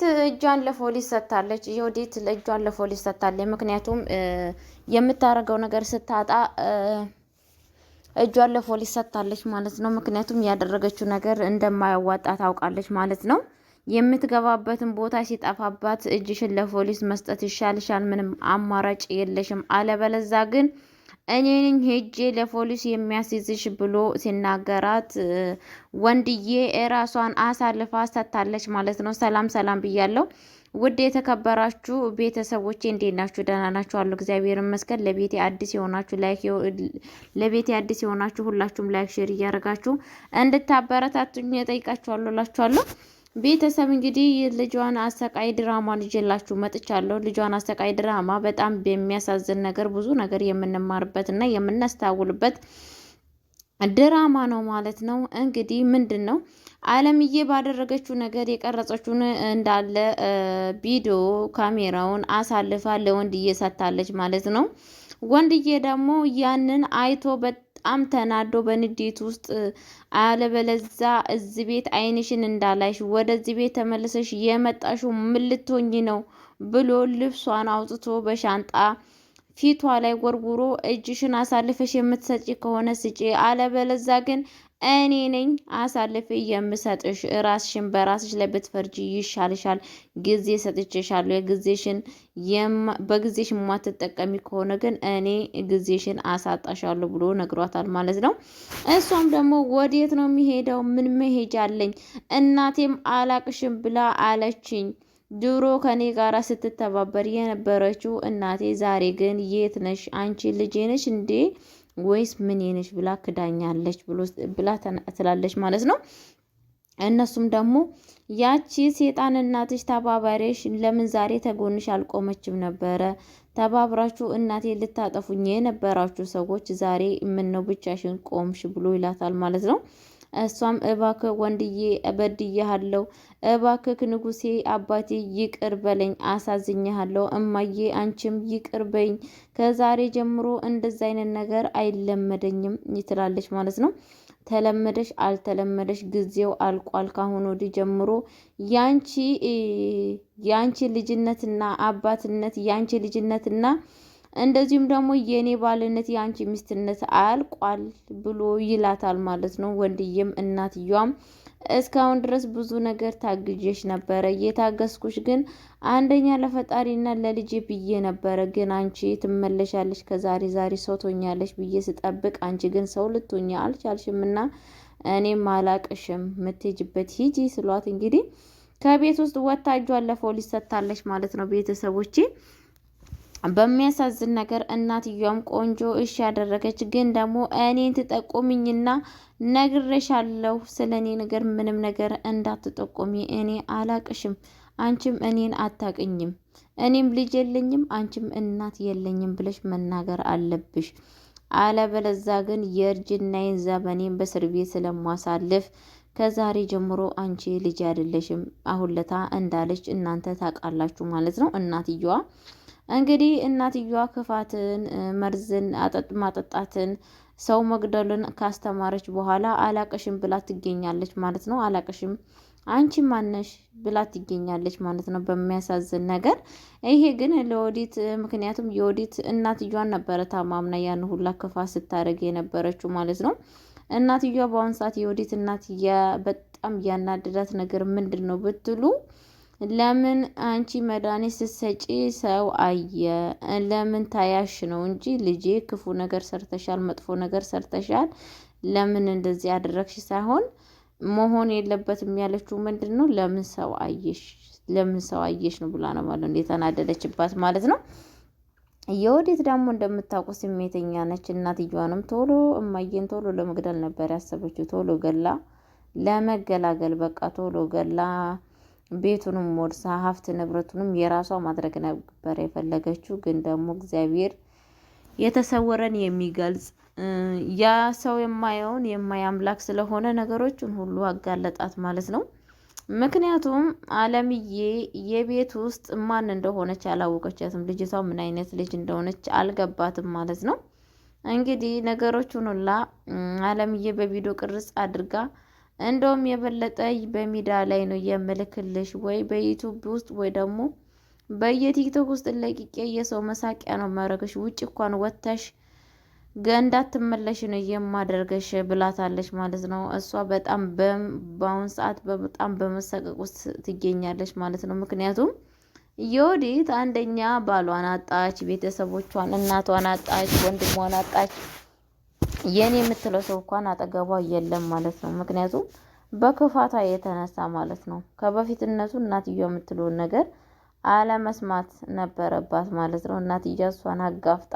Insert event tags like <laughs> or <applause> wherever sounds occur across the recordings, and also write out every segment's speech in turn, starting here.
ት እጇን ለፖሊስ ሰጥታለች። የወዴት እጇን ለፖሊስ ሰጥታለች። ምክንያቱም የምታደርገው ነገር ስታጣ እጇን ለፖሊስ ሰጥታለች ማለት ነው። ምክንያቱም ያደረገችው ነገር እንደማያዋጣ ታውቃለች ማለት ነው። የምትገባበትን ቦታ ሲጠፋባት እጅሽን ለፖሊስ መስጠት ይሻልሻል። ምንም አማራጭ የለሽም። አለበለዛ ግን እኔን ሄጄ ለፖሊስ የሚያስይዝሽ ብሎ ሲናገራት ወንድዬ ራሷን አሳልፋ ሰጥታለች ማለት ነው። ሰላም ሰላም ብያለው። ውድ የተከበራችሁ ቤተሰቦቼ እንዴት ናችሁ? ደህና ናችሁ አሉ። እግዚአብሔር ይመስገን። ለቤቴ አዲስ የሆናችሁ ለቤቴ አዲስ የሆናችሁ ሁላችሁም ላይክ ሼር እያደረጋችሁ እንድታበረታቱኝ እጠይቃችኋለሁ ላችኋለሁ። ቤተሰብ እንግዲህ ልጇን አሰቃይ ድራማ ይዤላችሁ መጥቻለሁ። ልጇን አሰቃይ ድራማ በጣም የሚያሳዝን ነገር ብዙ ነገር የምንማርበት እና የምናስታውልበት ድራማ ነው ማለት ነው። እንግዲህ ምንድን ነው አለምዬ ባደረገችው ነገር የቀረጸችውን እንዳለ ቪዲዮ ካሜራውን አሳልፋ ለወንድዬ ሰጥታለች ማለት ነው። ወንድዬ ደግሞ ያንን አይቶ በጣም ተናዶ በንዴት ውስጥ አለበለዛ እዚ ቤት አይንሽን እንዳላይሽ ወደዚህ ቤት ተመልሰሽ የመጣሽው ምን ልትሆኚ ነው ብሎ ልብሷን አውጥቶ በሻንጣ ፊቷ ላይ ጎርጉሮ እጅሽን አሳልፈሽ የምትሰጪ ከሆነ ስጪ፣ አለበለዛ ግን እኔ ነኝ አሳልፌ የምሰጥሽ። ራስሽን በራስሽ ላይ ብትፈርጂ ይሻልሻል። ጊዜ ሰጥቼሻለሁ። የጊዜሽን በጊዜሽ የማትጠቀሚ ከሆነ ግን እኔ ጊዜሽን አሳጣሻለሁ ብሎ ነግሯታል ማለት ነው። እሷም ደግሞ ወዴት ነው የሚሄደው? ምን መሄጃ አለኝ? እናቴም አላቅሽም ብላ አለችኝ። ድሮ ከኔ ጋር ስትተባበር የነበረችው እናቴ ዛሬ ግን የት ነሽ? አንቺ ልጄ ነሽ እንዴ ወይስ ምን የነች ብላ ክዳኛለች ብላ ትላለች ማለት ነው። እነሱም ደግሞ ያቺ ሴጣን እናትሽ ተባባሪሽ ለምን ዛሬ ተጎንሽ አልቆመችም ነበረ? ተባብራችሁ እናቴ ልታጠፉኝ የነበራችሁ ሰዎች ዛሬ ምን ነው ብቻሽን ቆምሽ ብሎ ይላታል ማለት ነው። እሷም እባክህ ወንድዬ እበድዬሃለሁ፣ እባክህ ንጉሴ አባቴ ይቅር በለኝ፣ አሳዝኜሃለሁ። እማዬ አንቺም ይቅር በኝ፣ ከዛሬ ጀምሮ እንደዚ አይነት ነገር አይለመደኝም ትላለች ማለት ነው። ተለመደሽ አልተለመደሽ ጊዜው አልቋል። ካሁን ወዲህ ጀምሮ ያንቺ ያንቺ ልጅነትና አባትነት ያንቺ ልጅነትና እንደዚሁም ደግሞ የእኔ ባልነት የአንቺ ሚስትነት አልቋል ብሎ ይላታል ማለት ነው። ወንድዬም እናትየዋም እስካሁን ድረስ ብዙ ነገር ታግዤሽ ነበረ። የታገስኩሽ ግን አንደኛ ለፈጣሪና ለልጄ ብዬ ነበረ። ግን አንቺ ትመለሻለሽ፣ ከዛሬ ዛሬ ሰው ትሆኛለሽ ብዬ ስጠብቅ አንቺ ግን ሰው ልትሆኛ አልቻልሽም እኔም አላቅሽም፣ ምትሄጅበት ሂጂ ስሏት እንግዲህ ከቤት ውስጥ ወታጇ አለፈው ሊሰታለች ማለት ነው ቤተሰቦቼ በሚያሳዝን ነገር እናትየዋም ቆንጆ እሺ ያደረገች፣ ግን ደግሞ እኔን ትጠቁምኝና ነግሬሻለሁ፣ ስለ እኔ ነገር ምንም ነገር እንዳትጠቁሚ፣ እኔ አላቅሽም፣ አንቺም እኔን አታቅኝም፣ እኔም ልጅ የለኝም፣ አንቺም እናት የለኝም ብለሽ መናገር አለብሽ። አለበለዛ ግን የእርጅናዬን ዘመኔን በእስር ቤት ስለማሳልፍ ከዛሬ ጀምሮ አንቺ ልጅ አይደለሽም። አሁለታ እንዳለች እናንተ ታውቃላችሁ ማለት ነው እናትየዋ እንግዲህ እናትየዋ ክፋትን፣ መርዝን፣ አጠጥ ማጠጣትን፣ ሰው መግደሉን ካስተማረች በኋላ አላቀሽም ብላ ትገኛለች ማለት ነው። አላቀሽም አንቺ ማነሽ ብላ ትገኛለች ማለት ነው። በሚያሳዝን ነገር ይሄ ግን ለወዲት ምክንያቱም የወዲት እናትየዋን ነበረ ታማምና ያን ሁላ ክፋት ስታደርግ የነበረችው ማለት ነው። እናትየዋ በአሁኑ ሰዓት የወዲት እናትያ በጣም ያናደዳት ነገር ምንድን ነው ብትሉ ለምን አንቺ መድኃኒት ስትሰጪ ሰው አየ ለምን ታያሽ ነው እንጂ ልጄ ክፉ ነገር ሰርተሻል፣ መጥፎ ነገር ሰርተሻል፣ ለምን እንደዚህ አደረግሽ ሳይሆን መሆን የለበትም ያለችው ምንድን ነው ለምን ሰው አየሽ፣ ለምን ሰው አየሽ ነው ብላ ነው ማለት ነው የተናደደችባት ማለት ነው። የወዴት ደግሞ እንደምታውቁ ስሜተኛ ነች። እናትየዋንም ቶሎ እማየን ቶሎ ለመግደል ነበር ያሰበችው ቶሎ ገላ ለመገላገል በቃ ቶሎ ገላ ቤቱንም ወርሳ ሀብት ንብረቱንም የራሷ ማድረግ ነበር የፈለገችው። ግን ደግሞ እግዚአብሔር የተሰወረን የሚገልጽ ያ ሰው የማየውን የማይ አምላክ ስለሆነ ነገሮችን ሁሉ አጋለጣት ማለት ነው። ምክንያቱም አለምዬ የቤት ውስጥ ማን እንደሆነች አላወቀቻትም። ልጅቷ ምን አይነት ልጅ እንደሆነች አልገባትም ማለት ነው። እንግዲህ ነገሮችን ሁላ አለምዬ በቪዲዮ ቅርጽ አድርጋ እንደውም የበለጠ በሚዲያ ላይ ነው የምልክልሽ ወይ በዩቱብ ውስጥ ወይ ደግሞ በየቲክቶክ ውስጥ ለቂቄ የሰው መሳቂያ ነው ማድረግሽ። ውጭ እንኳን ወጥተሽ እንዳትመለሽ ነው የማደርገሽ ብላታለች ማለት ነው። እሷ በጣም በአሁን ሰዓት በጣም በመሰቀቅ ውስጥ ትገኛለች ማለት ነው። ምክንያቱም ዮዲት አንደኛ ባሏን አጣች፣ ቤተሰቦቿን እናቷን አጣች፣ ወንድሟን አጣች። የኔ የምትለው ሰው እንኳን አጠገቧ የለም ማለት ነው። ምክንያቱም በክፋቷ የተነሳ ማለት ነው። ከበፊትነቱ እናትየው የምትለውን ነገር አለመስማት ነበረባት ማለት ነው። እናትየው እሷን አጋፍጣ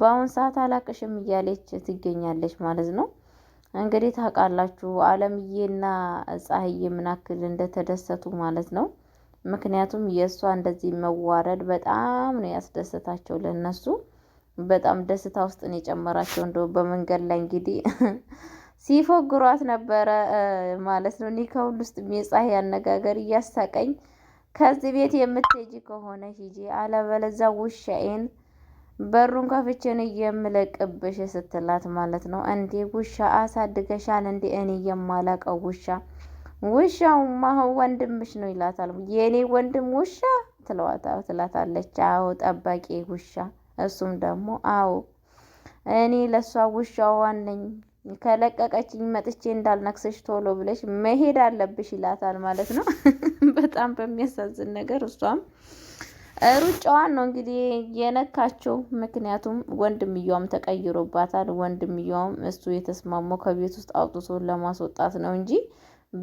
በአሁን ሰዓት አላቅሽም እያለች ትገኛለች ማለት ነው። እንግዲህ ታውቃላችሁ አለምዬና ፀሐዬ ምናክል እንደተደሰቱ ማለት ነው። ምክንያቱም የእሷ እንደዚህ መዋረድ በጣም ነው ያስደሰታቸው ለእነሱ። በጣም ደስታ ውስጥ ነው የጨመራቸው። እንደ በመንገድ ላይ እንግዲህ <laughs> ሲፎግሯት ነበረ ማለት ነው። እኔ ከሁሉ ውስጥ የፀሐይ አነጋገር እያሳቀኝ ከዚህ ቤት የምትሄጂ ከሆነ ሂጂ፣ አለበለዚያ ውሻዬን በሩን ከፍቼን ነው የምለቅብሽ ስትላት ማለት ነው። እንዴ ውሻ አሳድገሻል እንዴ? እኔ የማላቀው ውሻ ውሻው ውሻውማ ወንድምሽ ነው ይላታል። የእኔ ወንድም ውሻ ትለዋታ ትላታለች። አዎ ጠባቂ ውሻ እሱም ደግሞ አዎ እኔ ለእሷ ውሻዋን ነኝ ከለቀቀችኝ መጥቼ እንዳልነክሰች ቶሎ ብለሽ መሄድ አለብሽ ይላታል ማለት ነው። <laughs> በጣም በሚያሳዝን ነገር እሷም ሩጫዋን ነው እንግዲህ የነካቸው። ምክንያቱም ወንድምየዋም ተቀይሮባታል። ወንድምየዋም እሱ የተስማማው ከቤት ውስጥ አውጥቶ ለማስወጣት ነው እንጂ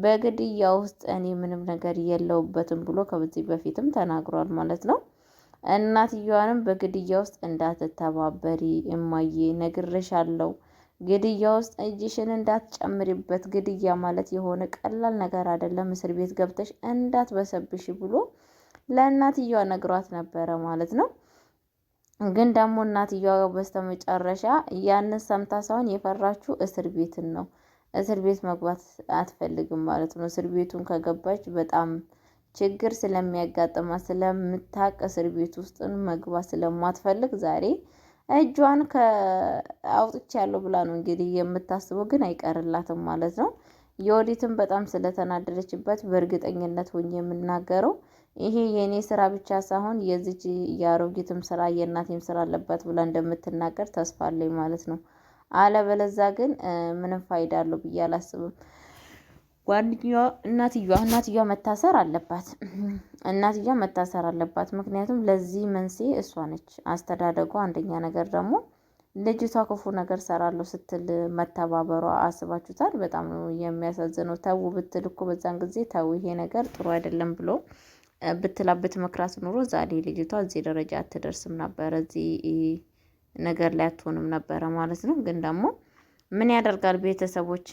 በግድያ ውስጥ እኔ ምንም ነገር የለውበትም ብሎ ከዚህ በፊትም ተናግሯል ማለት ነው። እናትየዋንም በግድያ ውስጥ እንዳትተባበሪ እማዬ ነግሬሻለሁ፣ ግድያ ውስጥ እጅሽን እንዳትጨምሪበት፣ ግድያ ማለት የሆነ ቀላል ነገር አይደለም፣ እስር ቤት ገብተሽ እንዳትበሰብሽ ብሎ ለእናትየዋ ነግሯት ነበረ ማለት ነው። ግን ደግሞ እናትየዋ በስተመጨረሻ ያንን ሰምታ ሳይሆን የፈራችው እስር ቤትን ነው። እስር ቤት መግባት አትፈልግም ማለት ነው። እስር ቤቱን ከገባች በጣም ችግር ስለሚያጋጥማ ስለምታቅ እስር ቤት ውስጥን መግባት ስለማትፈልግ ዛሬ እጇን አውጥቻለሁ ብላ ነው እንግዲህ የምታስበው፣ ግን አይቀርላትም ማለት ነው። የወዲትም በጣም ስለተናደደችበት በእርግጠኝነት ሆኜ የምናገረው ይሄ የእኔ ስራ ብቻ ሳይሆን የዚች የአሮጊትም ስራ የእናቴም ስራ አለባት ብላ እንደምትናገር ተስፋ አለኝ ማለት ነው። አለበለዛ ግን ምንም ፋይዳ አለው ብዬ አላስብም። ጓደኛዋ እናትየዋ እናትየዋ መታሰር አለባት እናትየዋ መታሰር አለባት። ምክንያቱም ለዚህ መንስኤ እሷ ነች። አስተዳደጓ አንደኛ ነገር ደግሞ ልጅቷ ክፉ ነገር ሰራለሁ ስትል መተባበሯ አስባችሁታል። በጣም ነው የሚያሳዝነው። ተው ብትል እኮ በዛን ጊዜ ተው ይሄ ነገር ጥሩ አይደለም ብሎ ብትላ መክራት ኑሮ ዛሬ ልጅቷ እዚህ ደረጃ አትደርስም ነበረ፣ እዚህ ነገር ላይ አትሆንም ነበረ ማለት ነው ግን ደግሞ ምን ያደርጋል ቤተሰቦች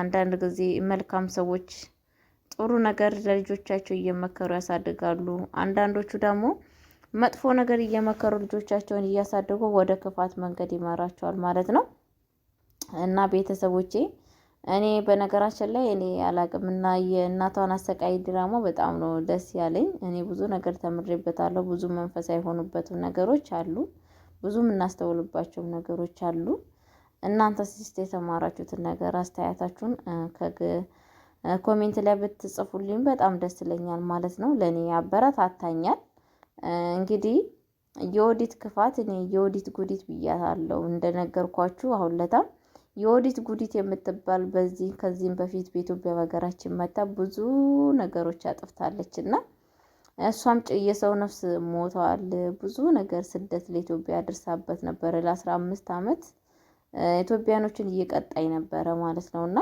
አንዳንድ ጊዜ መልካም ሰዎች ጥሩ ነገር ለልጆቻቸው እየመከሩ ያሳድጋሉ። አንዳንዶቹ ደግሞ መጥፎ ነገር እየመከሩ ልጆቻቸውን እያሳደጉ ወደ ክፋት መንገድ ይመራቸዋል ማለት ነው። እና ቤተሰቦቼ እኔ በነገራችን ላይ እኔ አላቅም እና የእናቷን አሰቃይ ድራማ በጣም ነው ደስ ያለኝ። እኔ ብዙ ነገር ተምሬበታለሁ። ብዙ መንፈሳዊ የሆኑበትም ነገሮች አሉ። ብዙ የምናስተውልባቸውም ነገሮች አሉ። እናንተ ስስት የተማራችሁትን ነገር አስተያየታችሁን ከግ ኮሜንት ላይ ብትጽፉልኝ በጣም ደስ ይለኛል ማለት ነው። ለእኔ ያበረታታኛል። እንግዲህ የኦዲት ክፋት እኔ የኦዲት ጉዲት ብያታለሁ። እንደነገርኳችሁ አሁን ለታም የኦዲት ጉዲት የምትባል በዚህ ከዚህም በፊት በኢትዮጵያ በሀገራችን መታ ብዙ ነገሮች አጥፍታለች እና እሷም የሰው ነፍስ ሞተዋል። ብዙ ነገር ስደት ለኢትዮጵያ ያደርሳበት ነበር ለአስራ አምስት አመት። ኢትዮጵያኖችን እየቀጣኝ ነበረ ማለት ነው። እና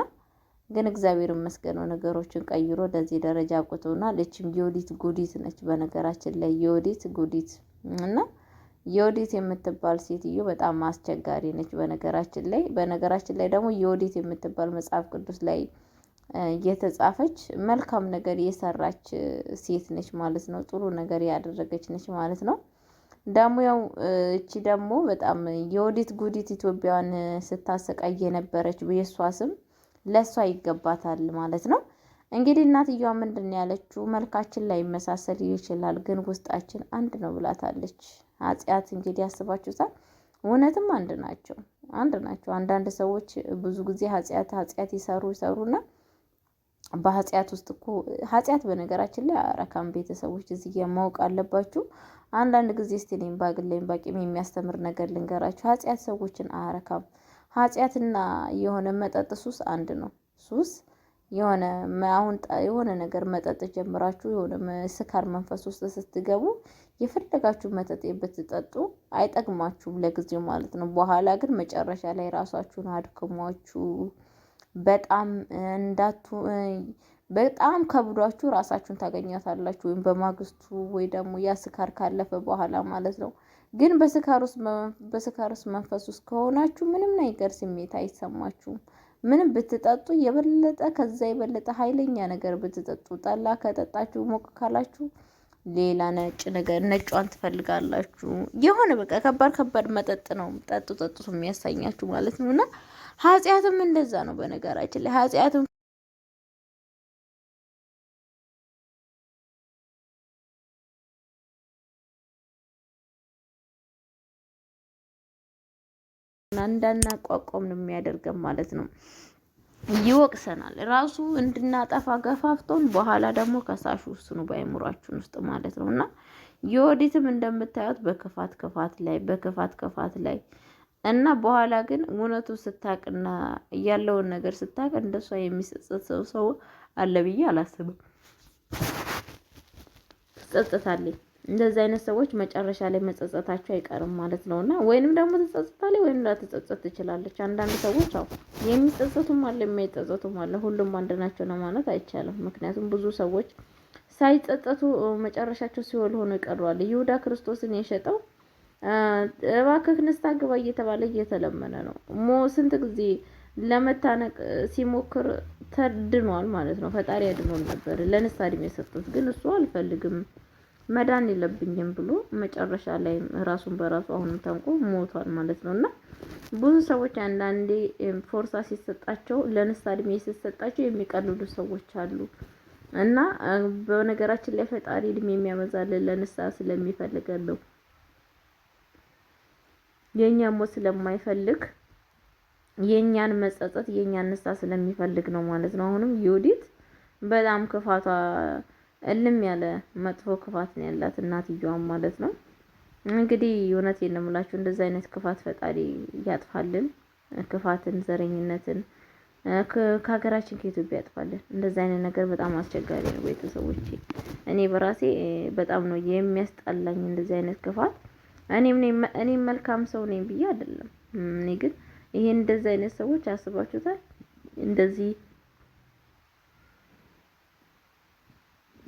ግን እግዚአብሔር ይመስገን ነገሮችን ቀይሮ ለዚህ ደረጃ አብቅቶናል። እችም የወዲት ጉዲት ነች በነገራችን ላይ የወዲት ጉዲት እና የወዲት የምትባል ሴትዮ በጣም አስቸጋሪ ነች በነገራችን ላይ በነገራችን ላይ ደግሞ የወዲት የምትባል መጽሐፍ ቅዱስ ላይ እየተጻፈች መልካም ነገር የሰራች ሴት ነች ማለት ነው። ጥሩ ነገር ያደረገች ነች ማለት ነው። ደግሞ ያው እቺ ደግሞ በጣም የወዲት ጉዲት ኢትዮጵያን ስታሰቃይ የነበረች የእሷ ስም ለእሷ ይገባታል ማለት ነው። እንግዲህ እናትየዋ ምንድን ያለችው መልካችን ላይ መሳሰል ይችላል፣ ግን ውስጣችን አንድ ነው ብላታለች። አጽያት እንግዲህ ያስባችሁታል። እውነትም አንድ ናቸው፣ አንድ ናቸው። አንዳንድ ሰዎች ብዙ ጊዜ ኃጢአት ኃጢአት ይሰሩ ይሰሩና በኃጢአት ውስጥ እኮ ኃጢአት በነገራችን ላይ አረካም ቤተሰቦች እዚህ ማወቅ አለባችሁ። አንዳንድ ጊዜ እስቲ እኔም በግሌም የሚያስተምር ነገር ልንገራችሁ። ኃጢአት ሰዎችን አረካም። ኃጢአትና የሆነ መጠጥ ሱስ አንድ ነው። ሱስ የሆነ አሁን የሆነ ነገር መጠጥ ጀምራችሁ የሆነ ስካር መንፈስ ውስጥ ስትገቡ የፈለጋችሁ መጠጥ ብትጠጡ አይጠቅማችሁም ለጊዜው ማለት ነው። በኋላ ግን መጨረሻ ላይ ራሳችሁን አድክሟችሁ በጣም እንዳቱ በጣም ከብዷችሁ ራሳችሁን ታገኛታላችሁ። ወይም በማግስቱ ወይ ደግሞ ያ ስካር ካለፈ በኋላ ማለት ነው። ግን በስካር ውስጥ መንፈስ ውስጥ ከሆናችሁ ምንም ነገር ስሜት አይሰማችሁም። ምንም ብትጠጡ የበለጠ ከዛ የበለጠ ኃይለኛ ነገር ብትጠጡ፣ ጠላ ከጠጣችሁ ሞቅ ካላችሁ ሌላ ነጭ ነገር ነጯን ትፈልጋላችሁ። የሆነ በቃ ከባድ ከባድ መጠጥ ነው ጠጡ ጠጡት የሚያሳኛችሁ ማለት ነው እና ኃጢአትም እንደዛ ነው። በነገራችን ላይ ኃጢአትም እንዳናቋቋም ነው የሚያደርገን ማለት ነው። ይወቅሰናል ራሱ እንድናጠፋ ገፋፍቶን፣ በኋላ ደግሞ ከሳሹ እሱ ነው ውስጥ ማለት ነው እና የወዲትም እንደምታዩት በክፋት ክፋት ላይ በክፋት ክፋት ላይ እና በኋላ ግን እውነቱ ስታቅና ያለውን ነገር ስታቅ እንደሷ የሚጸጸት ሰው ሰው አለ ብዬ አላስብም። ትጸጸታለች። እንደዚህ አይነት ሰዎች መጨረሻ ላይ መጸጸታቸው አይቀርም ማለት ነው እና ወይንም ደግሞ ትጸጸታለች ወይም ላትጸጸት ትችላለች። አንዳንድ ሰዎች አዎ የሚጸጸቱም አለ የማይጸጸቱም አለ። ሁሉም አንድ ናቸው ነው ማለት አይቻልም። ምክንያቱም ብዙ ሰዎች ሳይጸጸቱ መጨረሻቸው ሲወል ሆኖ ይቀረዋል። ይሁዳ ክርስቶስን የሸጠው እባክህ ንስት አግባ እየተባለ እየተለመነ ነው። ሞ ስንት ጊዜ ለመታነቅ ሲሞክር ተድኗል ማለት ነው። ፈጣሪ ያድኖን ነበር ለንስት እድሜ የሰጡት ግን እሱ አልፈልግም መዳን የለብኝም ብሎ መጨረሻ ላይ ራሱን በራሱ አሁንም ተንቆ ሞቷል ማለት ነው። እና ብዙ ሰዎች አንዳንዴ ፎርሳ ሲሰጣቸው ለንስት እድሜ ሲሰጣቸው የሚቀልሉ ሰዎች አሉ። እና በነገራችን ላይ ፈጣሪ እድሜ የሚያበዛልን ለንስት ስለሚፈልገን ነው። የእኛ ሞት ስለማይፈልግ የእኛን መጸጸት የእኛን ንስሐ ስለሚፈልግ ነው ማለት ነው። አሁንም ዮዲት በጣም ክፋቷ እልም ያለ መጥፎ ክፋት ነው ያላት እናትየዋም ማለት ነው። እንግዲህ እውነት ነው እንደዚህ አይነት ክፋት ፈጣሪ ያጥፋልን። ክፋትን፣ ዘረኝነትን ከሀገራችን ከኢትዮጵያ ያጥፋልን። እንደዚህ አይነት ነገር በጣም አስቸጋሪ ነው ቤተሰቦቼ። እኔ በራሴ በጣም ነው የሚያስጠላኝ እንደዚህ አይነት ክፋት እኔም እኔም መልካም ሰው ነኝ ብዬ አይደለም። እኔ ግን ይሄ እንደዚህ አይነት ሰዎች አስባችሁታል? እንደዚህ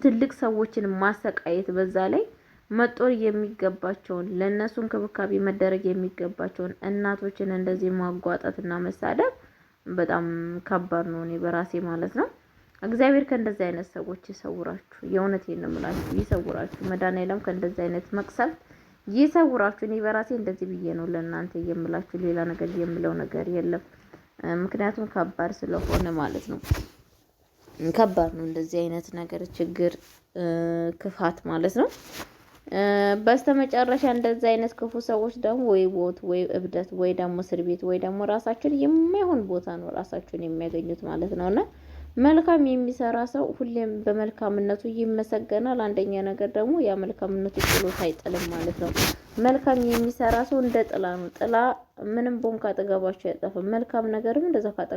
ትልቅ ሰዎችን ማሰቃየት በዛ ላይ መጦር የሚገባቸውን ለእነሱ እንክብካቤ መደረግ የሚገባቸውን እናቶችን እንደዚህ ማጓጣት እና መሳደብ በጣም ከባድ ነው። እኔ በራሴ ማለት ነው። እግዚአብሔር ከእንደዚህ አይነት ሰዎች ይሰውራችሁ። የእውነቴን ነው የምላችሁ፣ ይሰውራችሁ። መድኃኒዓለም ከእንደዚህ አይነት መቅሰፍት ይሰውራችሁ። እኔ በራሴ እንደዚህ ብዬ ነው ለእናንተ የምላችሁ፣ ሌላ ነገር የምለው ነገር የለም። ምክንያቱም ከባድ ስለሆነ ማለት ነው። ከባድ ነው እንደዚህ አይነት ነገር ችግር፣ ክፋት ማለት ነው። በስተመጨረሻ እንደዚህ አይነት ክፉ ሰዎች ደግሞ ወይ ሞት ወይ እብደት ወይ ደግሞ እስር ቤት ወይ ደግሞ ራሳቸውን የማይሆን ቦታ ነው ራሳቸውን የሚያገኙት ማለት ነውና መልካም የሚሰራ ሰው ሁሌም በመልካምነቱ ይመሰገናል። አንደኛ ነገር ደግሞ ያ መልካምነቱ ጥሎት አይጥልም ማለት ነው። መልካም የሚሰራ ሰው እንደ ጥላ ነው። ጥላ ምንም ቦን ካጠገባቸው አይጠፋም። መልካም ነገርም እንደዛ ካጠገባ